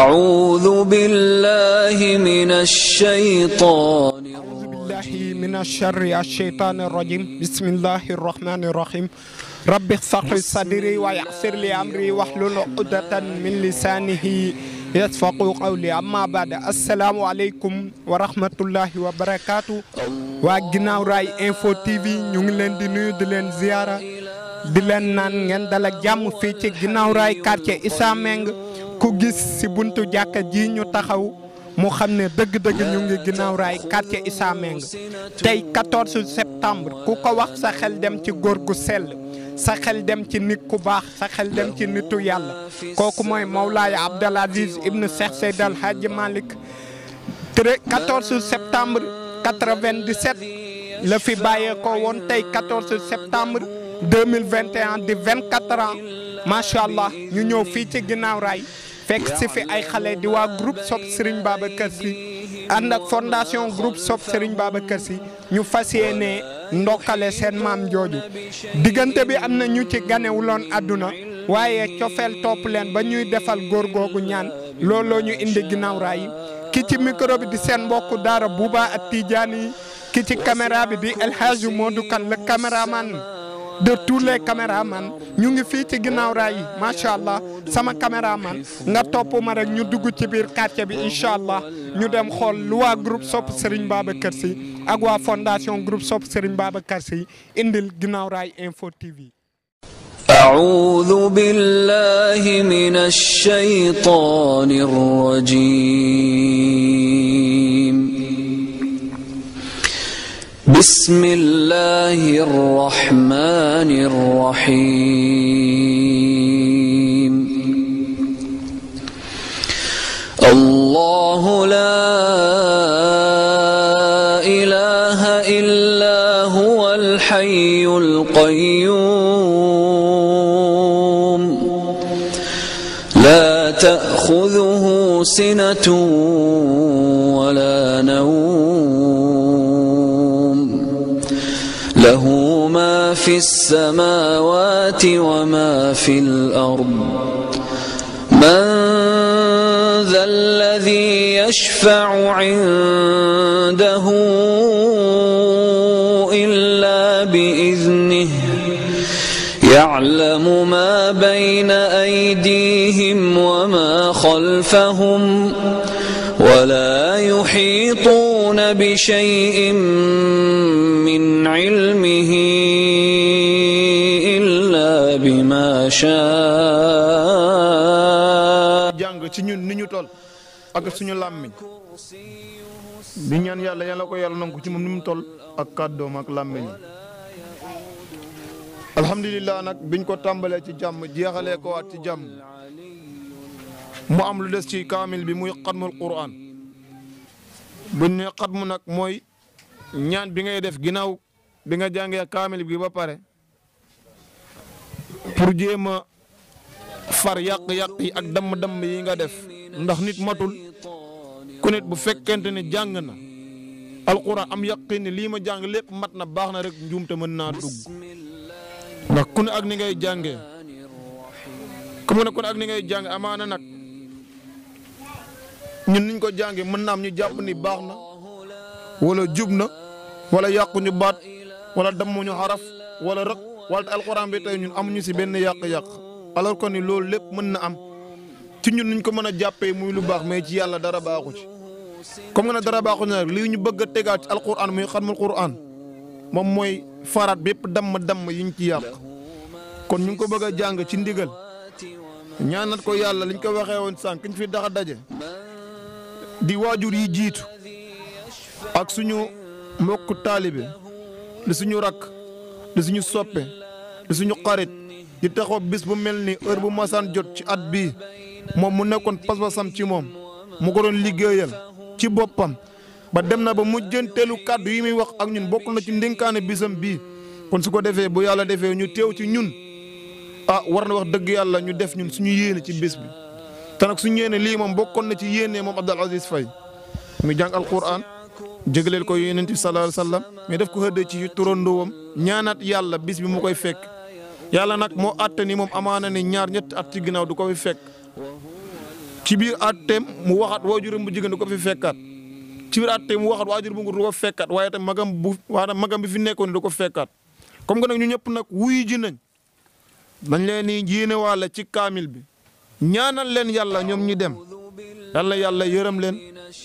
أعوذ بالله من الشيطان أعوذ بالله من الشر الشيطان الرجيم بسم الله الرحمن الرحيم رب اغفر صدري ويسر لي أمري واحلل عقدة من لسانه يتفقوا قولي أما بعد السلام عليكم ورحمة الله وبركاته وجناو راي انفو تي في ñu ngi leen di nuyu di leen ziara di leen naan ngeen dal ak jàmm fii ci ginnaaw raay ku gis si buntu jàkka ji ñu taxaw mu xam ne dëgg-dëgg ñu ngi ginnaaw raay quartier Issa Meng tey 14 ku ko wax sa xel dem ci góor gu sell sa xel dem ci nit ku baax sa xel dem ci nitu yàlla kooku mooy Mawlaay Abdel Aziz ibn Cheikh Seyd Al Hadji Malick tre 14 septembre 97 la fi bàyyeekoo woon tey 14 septembre 2021 di 24 ans macha allah ñu ñëw fii ci ginnaaw raay fekk si fi ay xale di waa groupe Sopp Serigne Babacar Sy ànd ak fondation groupe Sopp Serigne Babacar Sy ñu fas yéene ndokkale seen maam jooju diggante bi am na ñu ci ganewu loon àdduna waaye cofeel topp leen ba ñuy defal góor googu ñaan looloo ñu indi ginnaaw raay ki ci micro di seen mbokku daara Bouba ak Tidiane yi ki ci caméra bi di El Hadj Modou Kane la caméraman de tous les caméramans ñu ngi fi ci ginnaw ray ma sha allah sama caméraman nga topu ma rek ñu dugg ci bir quartier bi incha allah ñu dem xol loi groupe sop Serigne Babacar Sy ak wa fondation groupe sop Serigne Babacar Sy indil ginnaw ray info TV. أعوذ بالله من الشيطان الرجيم بسم الله الرحمن الرحيم الله لا اله الا هو الحي القيوم لا تاخذه سنه في السماوات وما في الأرض من ذا الذي يشفع عنده إلا بإذنه يعلم ما بين أيديهم وما خلفهم ولا يحيطون بشيء من علمه يشاء جانغ ci ñun ni ñu tol ak suñu lamiñ di ñaan yalla yalla ko yalla nangu ci mom ni mu tol ak kaddom ak lamiñ alhamdulillah nak biñ ko tambalé ci jamm jéxalé ko wat ci jamm mu am lu dess ci kamil bi muy qadmul qur'an buñ ne qadmu nak moy ñaan bi ngay def ginaaw bi nga jàngee kaamil bi ba pare pour jéem a far yàq-yàq yi ak damm-damm yi nga def ndax nit matul ku nit bu fekkente ne jàng na alquran am yaqin ne lii ma jàng lépp mat na baax na rek njuumte mën naa dugg ndax ku ne ak ni ngay jàngee ku mu ne ku ne ak ni ngay jàng amaana nag ñun ko jàngee mën na am ñu jàpp ni baax na wala jub na wala yàqu ñu baat wala dammuñu xaraf wala rëq wala te alxuraan bi tey ñun amuñu si benn yàq-yàq alors que ni loolu lépp mën na am ci ñun nuñ ko mën a jàppee muy lu baax mais ci yàlla dara baaxu ci. comme nga ne dara baaxu ci nag lii ñu bëgg a tegaat ci alxuraan muy xatmul xuraan moom mooy faraat bépp dam dam damm yiñ ci yàq kon ñu ngi ko bëgg a jàng ci ndigal ñaanat ko yàlla liñ ko waxee woon sànq ñu fi dax a daje di waajur yi jiitu ak suñu mbokk taalibe li suñu rakk. di suñu soppee di suñu xarit di taxaw bis bu mel ni heure bu masaan jot ci at bi moom mu nekkoon pas-pasam ci moom mu ko doon liggéeyal ci boppam ba dem na ba mujjanteelu kàddu yi muy wax ak ñun bokk na ci ndénkaane bisam bii kon su ko defee bu yàlla defee ñu teew ci ñun ah war na wax dëgg yàlla ñu def ñun suñu yéene ci bis bi te nag suñu yéene lii moom bokkoon na ci yéene moom Abdou Aziz Faye mu jàng alquran jégaleel ko yonent bi sallallahu alayhi wasallam mais def ko xëdd ci turandoowam ñaanat yàlla bis bi mu koy fekk yàlla nag moo àtte ni moom amaana ne ñaar ñett at ci ginnaaw du ko fi fekk ci biir àtteem mu waxaat waajuram bu jigéen du ko fi fekkaat ci biir mu waxaat waajur bu ngur du ko fekkaat waaye tam magam bu waaye magam bi fi nekkoon du ko fekkaat comme nga nag ñu ñëpp nag wuyu ji nañ dañ leen di yéenewaale ci kaamil bi ñaanal leen yàlla ñoom ñu dem yàlla yàlla yërëm leen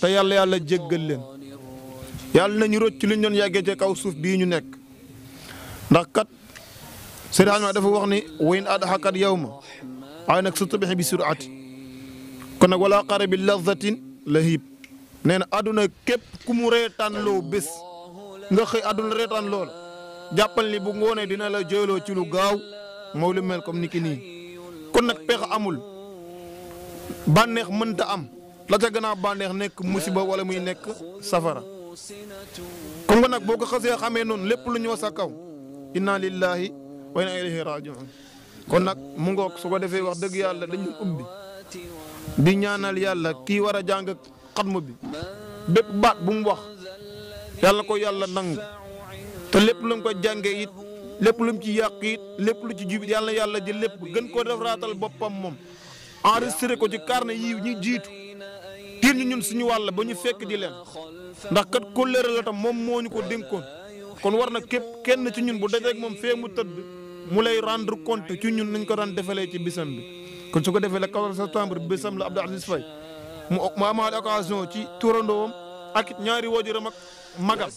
te yàlla yàlla jéggal leen yàlla nañu rocc liñ doon yàggee ca kaw suuf bii ñu nekk ndax kat Seydi Hajji dafa wax ni wa in adhakat yawma ay nag satabixi bi surati kon nag wala xare bi lazatin la hiib nee na àdduna képp ku mu loo bés nga xëy àdduna reetaan loola jàppal ni bu ngoonee dina la jooyloo ci lu gaaw moo lu mel comme ni ki nii kon nag peex amul bànneex mënta am la ca gën a bànneex nekk musiba wala muy nekk safara kon nag boo ko xasee xamee noonu lépp lu ñëw sa kaw inna lillahi wa inna ilayhi rajiun kon nag mu ngoog su ko defee wax dëgg yàlla dañu ubbi di ñaanal yàlla kii war a jàng xatmu bi bépp baat bu mu wax yàlla ko yàlla nangu te lépp lu ko jàngee it lépp lu mu ci yàq it lépp lu ci jub it yàlla yàlla jël lépp gën koo defaraatal boppam moom enregistré ko ci carnet yi ñu jiitu. ngir ñu ñun suñu wàll ba ñu fekk di leen ndax kat kóllëre la tam moom moo ñu ko dénkoon kon war na képp kenn ci ñun bu dajeek moom fee mu tëdd mu lay rendre compte ci ñun nañ ko daan defalee ci bisam bi ko su ko defee le 14 septembre bisam la Abdou Aziz Faye mu mu amaat occasion ci turandoom ak ñaari waajuram ak magam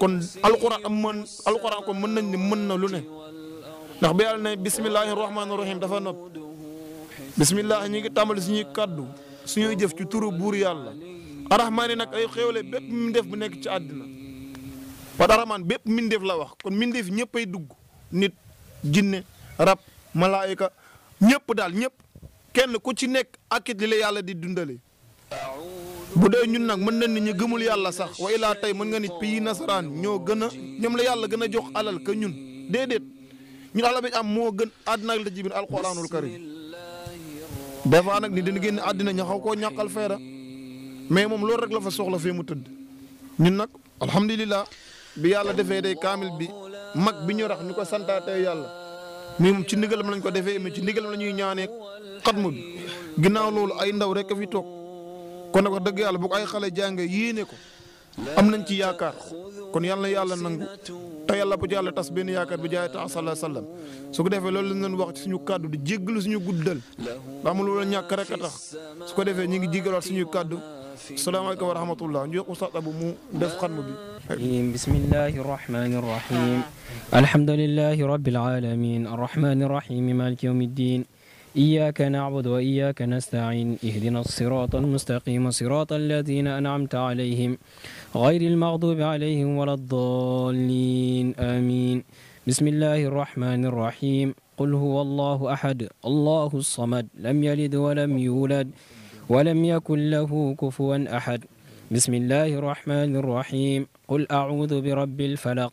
kon alquran mën alquran ko mën nañ ni mën na lu ne ndax ba yàlla ne bismillahi rahmaani rahim dafa nopp bismillah ñi ngi tàmbali suñuy kaddu suñuy jëf ci turu buur yàlla yi nag ay xéewale bépp mbindeef bu nekk ci àddina parce que bépp mbindeef la wax kon mbindeef ñëpp ay dugg nit jinne rab malayka ñépp daal ñëpp kenn ku ci nekk akit li la yàlla di dundale bu dee ñun nag mën na ni gëmul yàlla sax wa ilaa tey mën nga nit pays nasaraan ñoo gën a ñoom la yàlla gën a jox alal que ñun déedéet ñun alal am moo gën àddina ak la ci biir alxuraanul karim des nag ni dina génn àddina ña xaw koo ñàkkal feera mais moom loolu rek la fa soxla fii mu tëdd ñun nag alhamdulilah bi yàlla defee day kaamil bi mag bi ñu rax ñu ko santaatee yàlla mais moom ci ndigalam lañ ko defee mais ci ndigalam la ñuy ñaanee xatma bi ginnaaw loolu ay ndaw rek a fi toog kon nag ko dëgg yàlla bu ko ay xale jàngee yéene ko. امنن سي ياكار كون يالنا يالنا نانغو تا يالا بو يالا تاس بن ياكار بو جاي تا صلى الله عليه وسلم سوكو السلام عليكم ورحمه الله نيو خو صاحبو مو ديف خانم بسم الله الرحمن الرحيم الحمد لله رب العالمين الرحمن الرحيم مالك يوم الدين إياك نعبد وإياك نستعين اهدنا الصراط المستقيم صراط الذين أنعمت عليهم غير المغضوب عليهم ولا الضالين آمين بسم الله الرحمن الرحيم قل هو الله أحد الله الصمد لم يلد ولم يولد ولم يكن له كفوا أحد بسم الله الرحمن الرحيم قل أعوذ برب الفلق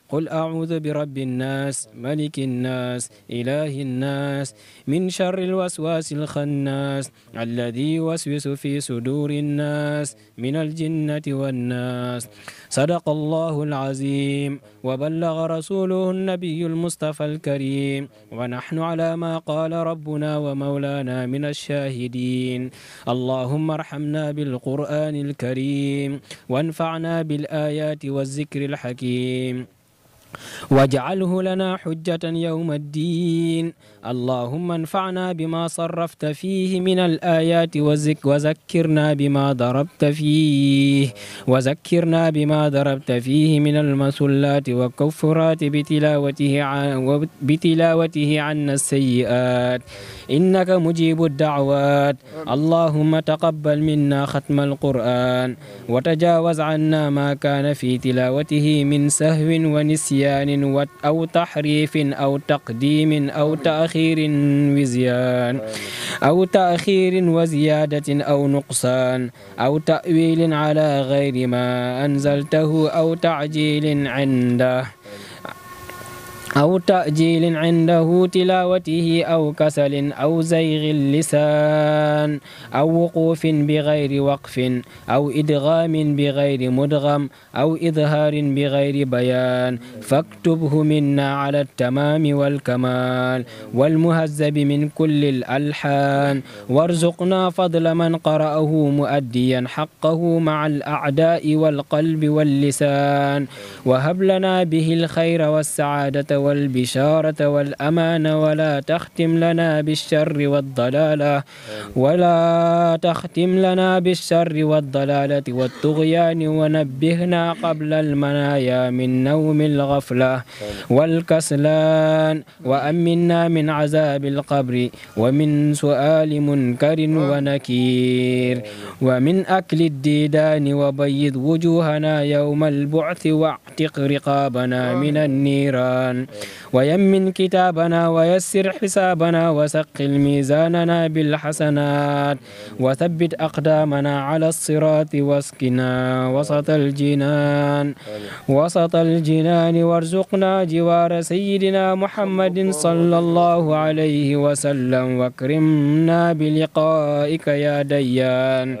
قل أعوذ برب الناس ملك الناس إله الناس من شر الوسواس الخناس الذي يوسوس في صدور الناس من الجنة والناس صدق الله العظيم وبلغ رسوله النبي المصطفى الكريم ونحن على ما قال ربنا ومولانا من الشاهدين اللهم ارحمنا بالقرآن الكريم وانفعنا بالآيات والذكر الحكيم واجعله لنا حجة يوم الدين اللهم انفعنا بما صرفت فيه من الآيات وزك وذكرنا بما ضربت فيه وذكرنا بما ضربت فيه من المسلات والكفرات بتلاوته عن بتلاوته عنا السيئات إنك مجيب الدعوات اللهم تقبل منا ختم القرآن وتجاوز عنا ما كان في تلاوته من سهو ونسيان عصيان أو تحريف أو تقديم أو تأخير وزيان أو تأخير وزيادة أو نقصان أو تأويل على غير ما أنزلته أو تعجيل عنده أو تأجيل عنده تلاوته أو كسل أو زيغ اللسان أو وقوف بغير وقف أو إدغام بغير مدغم أو إظهار بغير بيان فاكتبه منا على التمام والكمال والمهذب من كل الألحان وارزقنا فضل من قرأه مؤديا حقه مع الأعداء والقلب واللسان وهب لنا به الخير والسعادة والبشارة والأمان ولا تختم لنا بالشر والضلالة ولا تختم لنا بالشر والضلالة والطغيان ونبهنا قبل المنايا من نوم الغفلة والكسلان وأمنا من عذاب القبر ومن سؤال منكر ونكير ومن أكل الديدان وبيض وجوهنا يوم البعث واعتق رقابنا من النيران ويمن كتابنا ويسر حسابنا وسقل ميزاننا بالحسنات وثبت أقدامنا على الصراط واسقنا وسط الجنان وسط الجنان وارزقنا جوار سيدنا محمد صلى الله عليه وسلم واكرمنا بلقائك يا ديان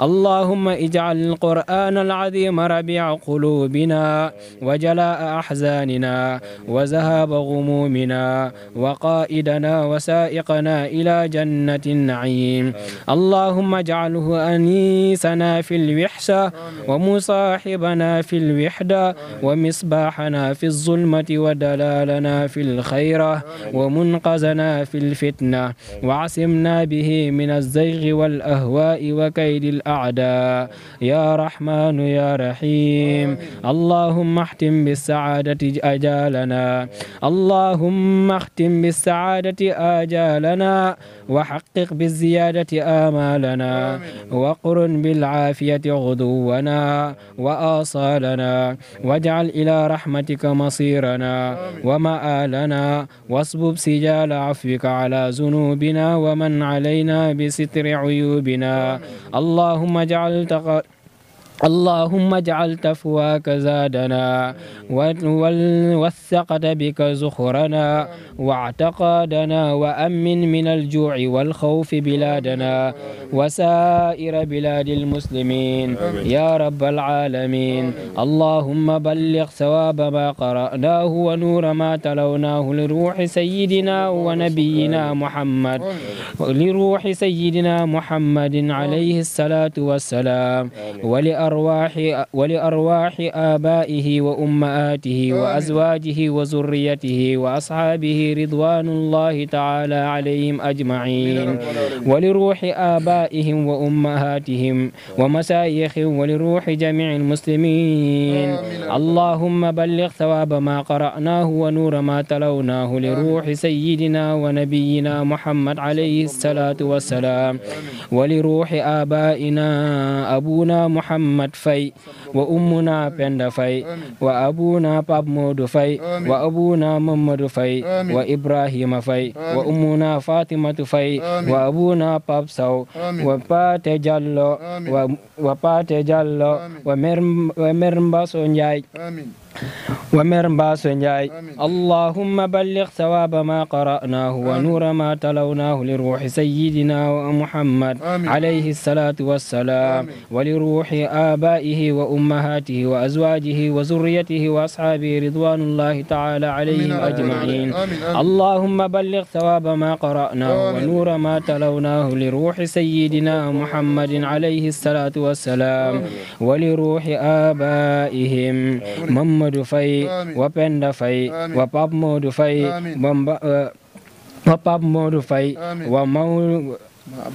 اللهم اجعل القرآن العظيم ربيع قلوبنا وجلاء أحزاننا وزاد ذهاب غمومنا وقائدنا وسائقنا إلى جنة النعيم اللهم اجعله أنيسنا في الوحشة ومصاحبنا في الوحدة ومصباحنا في الظلمة ودلالنا في الخيرة ومنقذنا في الفتنة وعصمنا به من الزيغ والأهواء وكيد الأعداء يا رحمن يا رحيم اللهم احتم بالسعادة أجالنا اللهم اختم بالسعادة آجالنا وحقق بالزيادة آمالنا وقرن بالعافية غدونا وآصالنا واجعل إلى رحمتك مصيرنا ومآلنا واصبب سجال عفوك على ذنوبنا ومن علينا بستر عيوبنا اللهم اجعل تقر اللهم اجعل تفواك زادنا ووثقت بك زخرنا واعتقادنا وأمن من الجوع والخوف بلادنا وسائر بلاد المسلمين يا رب العالمين اللهم بلغ ثواب ما قرأناه ونور ما تلوناه لروح سيدنا ونبينا محمد لروح سيدنا محمد عليه الصلاة والسلام ولأ ولأرواح, ولأرواح آبائه وأمهاته وأزواجه وذريته وأصحابه رضوان الله تعالى عليهم أجمعين ولروح آبائهم وأمهاتهم ومسايخهم ولروح جميع المسلمين اللهم بلغ ثواب ما قرأناه ونور ما تلوناه لروح سيدنا ونبينا محمد عليه الصلاة والسلام ولروح آبائنا أبونا محمد محمد فاي وأمنا بند فاي وأبونا باب مود فاي وأبونا محمد فاي وإبراهيم فاي وأمنا فاطمة فاي وأبونا باب سو وبات جلو وبات جلو ومرمبا سونجاي آمين ومر باس اللهم بلغ ثواب ما قرأناه ونور ما تلوناه لروح سيدنا محمد عليه الصلاة والسلام ولروح آبائه وأمهاته وأزواجه وزريته وأصحابه رضوان الله تعالى عليهم أجمعين اللهم بلغ ثواب ما قرأناه ونور ما تلوناه لروح سيدنا محمد عليه الصلاة والسلام ولروح آبائهم من Amadou Faye wa Penda Faye wa Pape Modou Faye wa wa Pape Modou Faye wa Maw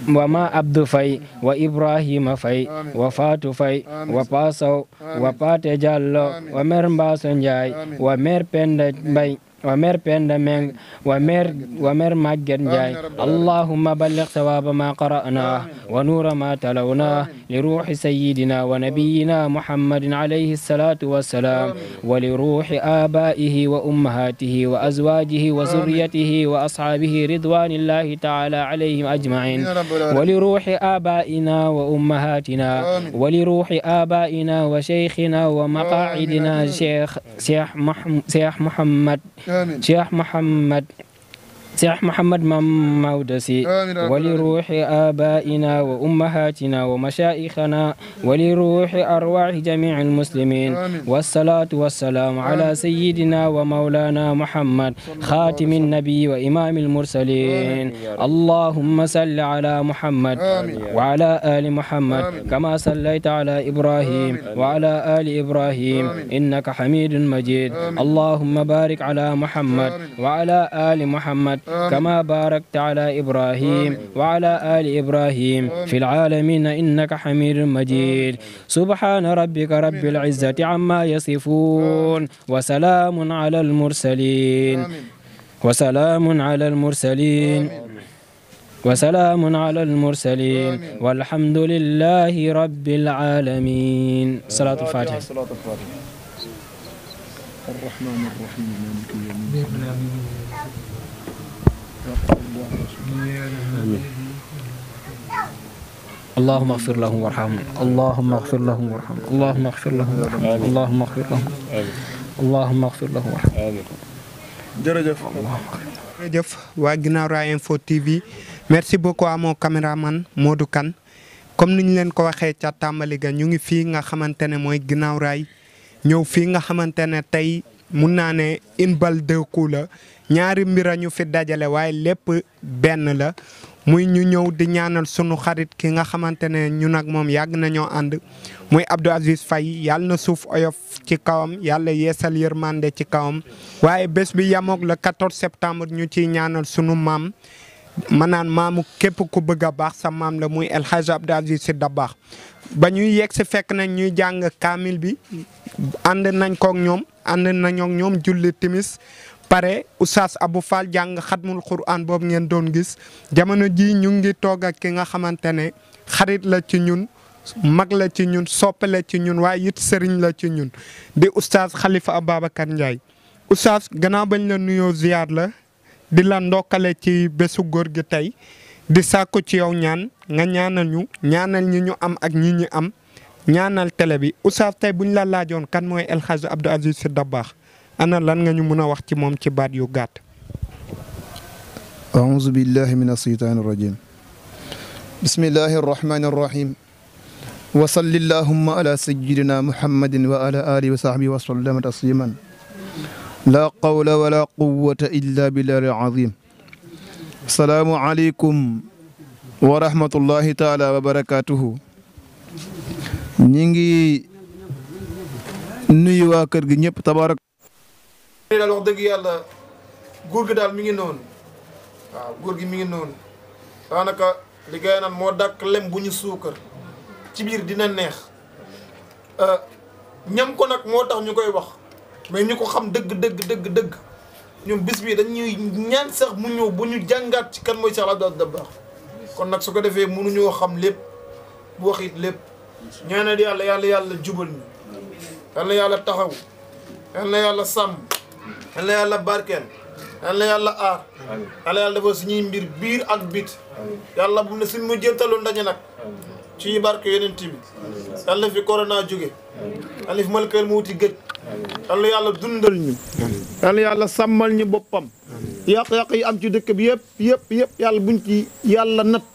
وما عبد في وإبراهيم في وفات في وباسو وبات جالو ومر باسنجاي ومر بند بي ومر بند من ومر ومر مجد جاي اللهم بلغ ثواب ما قرأناه ونور ما تلوناه لروح سيدنا ونبينا محمد عليه الصلاة والسلام ولروح آبائه وأمهاته وأزواجه وزريته وأصحابه رضوان الله تعالى عليهم أجمعين ولروح آبائنا وأمهاتنا ولروح آبائنا وشيخنا ومقاعدنا شيخ شيخ محمد شيخ محمد سيح محمد مم مودسي ولروح آبائنا وأمهاتنا ومشايخنا ولروح أرواح جميع المسلمين والصلاة والسلام على سيدنا ومولانا محمد خاتم النبي وإمام المرسلين اللهم صل على محمد وعلى آل محمد كما صليت على إبراهيم وعلى آل إبراهيم إنك حميد مجيد اللهم بارك على محمد وعلى آل محمد كما باركت على إبراهيم وعلى آل إبراهيم في العالمين إنك حميد مجيد سبحان ربك رب العزة عما يصفون وسلام على المرسلين وسلام على المرسلين وسلام على المرسلين والحمد لله رب العالمين صلاة الفاتحة الرحمن الرحيم مالك يوم الدين اللهم اغفر لهم وارحمهم اللهم اغفر لهم وارحمهم اللهم اغفر لهم وارحمهم اللهم اغفر لهم اللهم اغفر لهم وارحمهم جرجف جرجف واغنا راي انفو تي في ميرسي بوكو امو كاميرامان مودو كان كوم نين لين كو واخي تا تامالي غا نيغي في nga xamantene moy gnaw ray ñew fi nga xamantene tay mun naa ne une balle deux coups la ñaari mbir a ñu fi dajale waaye lépp benn la muy ñu ñëw di ñaanal sunu xarit ki nga xamante ne ñun ak moom yàgg nañoo ànd muy Abdou Aziz Faye yàlla na suuf oyof ci kawam yàlla yeesal yërmande ci kawam. waaye bés bi yamoog la 14 septembre ñu ci ñaanal sunu maam ma naan maamu képp ku bëgg a baax sa maam la muy El Hadj Abdou Aziz Sy Dabakh ba ñuy yegg si fekk nañ ñuy jàng kaamil bi ànd nañ kook ñoom. ànd nañoo ñoom julli timis pare oustaz Abou Fall jàng xatmul quran boobu ngeen doon gis jamono ji ñu ngi toog ak ki nga xamante ne xarit la ci ñun mag la ci ñun soppe la ci ñun waaye it sëriñ la ci ñun di xalifa a Ababacar Ndiaye oustaz gannaaw bañ la nuyoo ziar la di la ndokkale ci bésu góor gi tey di sàkku ci yow ñaan nga ñaanal ñu ñaanal ñi ñu am ak ñi ñi am ñaanal télé bi Oustaz tay buñ la lajoon kan moy El khadju Abdou Aziz Sy Dabakh ana lan nga ñu mëna wax ci mom ci baat yu gàtt. أعوذ بالله من الشيطان الرجيم بسم الله الرحمن الرحيم وصل اللهم على سيدنا محمد وعلى آله وصحبه وسلم تسليما لا قول ولا قوة إلا بالله العظيم السلام عليكم ورحمة الله تعالى وبركاته ñingi nuyu wa kër gi ñepp tabarak daal wax deug yalla goor gi dal mi ngi non wa goor gi mi ngi non tanaka li gay mo dak lem buñu suukar ci bir dina neex euh, ñam ko nak moo tax ñu wax mais ñuko ko xam deug deug deug deug ñoom bis bi ñuy ñaan sax mu ñu buñu jangat ci kan moy Cheikh Abdou Dabakh kon nak suko ko mënu ñu xam lepp bu wax ñaanal yàlla yàlla yàlla jubal ñu yal yàlla taxaw yal na yàlla sàmm yal yàlla barkeel yal yàlla aar yal yàlla defal suñuy mbir biir ak bit yàlla bu ne suñ mu jëntaloo ndaje nag ci barke yonent bi yal na fi corona jóge yal fi malkal mu wuti gëj yal yàlla dundal ñu yal yàlla sàmmal ñu boppam yàq-yàq yi am ci dëkk bi yëpp yëpp yëpp yàlla buñ ci yàlla natt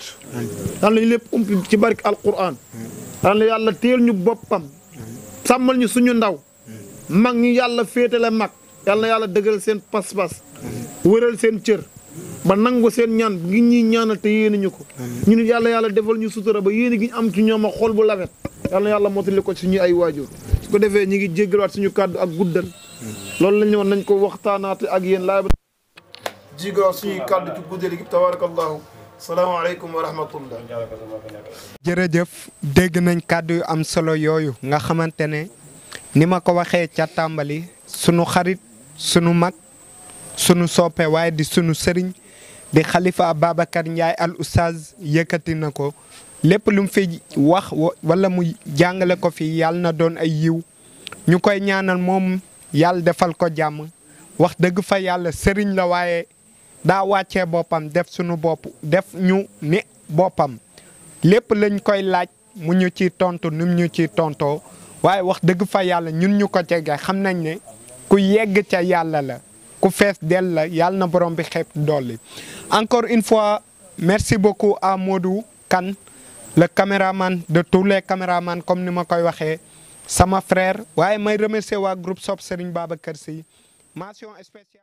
yal nañu lépp umpi ci barke alquran yàlla yàlla téel ñu boppam sàmmal ñu suñu ndaw mag ñu yàlla féetale mag yàlla yàlla dëgëral seen pas-pas wëral seen cër ba nangu seen ñaan gi ñuy ñaanal te yéene ñu ko ñu nit yàlla yàlla defal ñu sutura ba yéene gi ñu am ci ñoom a xol bu lafet yàlla yàlla mottali ko suñu ay waajur su ko defee ñu ngi jéggalaat suñu kàddu ak guddal loolu lañ woon nañ ko waxtaanaate ak yéen laay ba jéggalaat suñuy kàddu ci guddal gi tabaarakallahu salaamaaleykum wa rahmatullah. jërëjëf dégg nañ kàddu yu am solo yooyu nga xamante ne ni ma ko waxee ca tàmbali sunu xarit sunu mag sunu soppe waaye di sunu sëriñ di xalifa Babacar Ndiaye al oustaz yëkkati na ko lépp lu mu fi wax walla mu jàngale ko fi yàlla na doon ay yiw ñu koy ñaanal moom yàlla defal ko jàmm wax dëgg fa yàlla sëriñ la waaye. da wàccee bopam def suñu bop def ñu ne bopam lepp lañ koy laaj mu ñu ci tonto num ñu ci tonto waaye wax deug fa yalla ñun ñu ko ne ku yegg ca yalla la ku fess del la yalla na borom bi dolli encore une fois merci beaucoup à Modou Kan le caméraman de tous les caméramans comme ni ma koy waxé sama frère waye may remercier wa groupe sop Serigne Babacar Sy mention spéciale